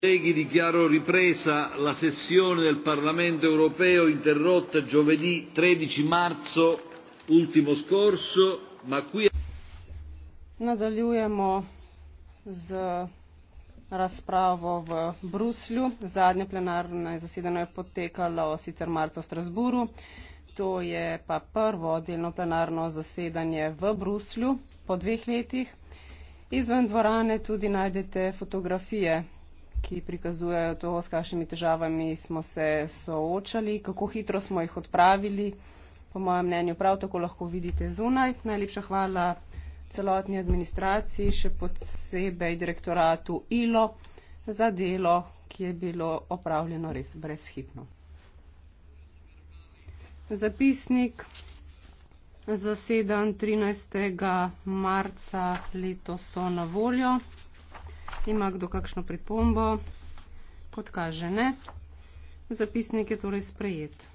colleghi dichiaro ripresa la sessione del parlamento europeo interrotta giovedì tredici marzo ultimo scorso ma qui. nadaljujemo z razpravo v bruslju zadnje plenarno zasedanje je potekalo sicer marca v strasburu to je pa prvo delno plenarno zasedanje v bruslju po dveh letih izven dvorane tudi najdete fotografije ki prikazujejo to, s kakšnimi težavami smo se soočali, kako hitro smo jih odpravili, po mojem mnenju prav tako lahko vidite zunaj. Najlepša hvala celotni administraciji, še posebej direktoratu ILO za delo, ki je bilo opravljeno res brezhipno. Zapisnik zaseden 13. marca letos so na voljo ima kdo kakšno pripombo? Kot kaže, ne. Zapisnik je torej sprejet.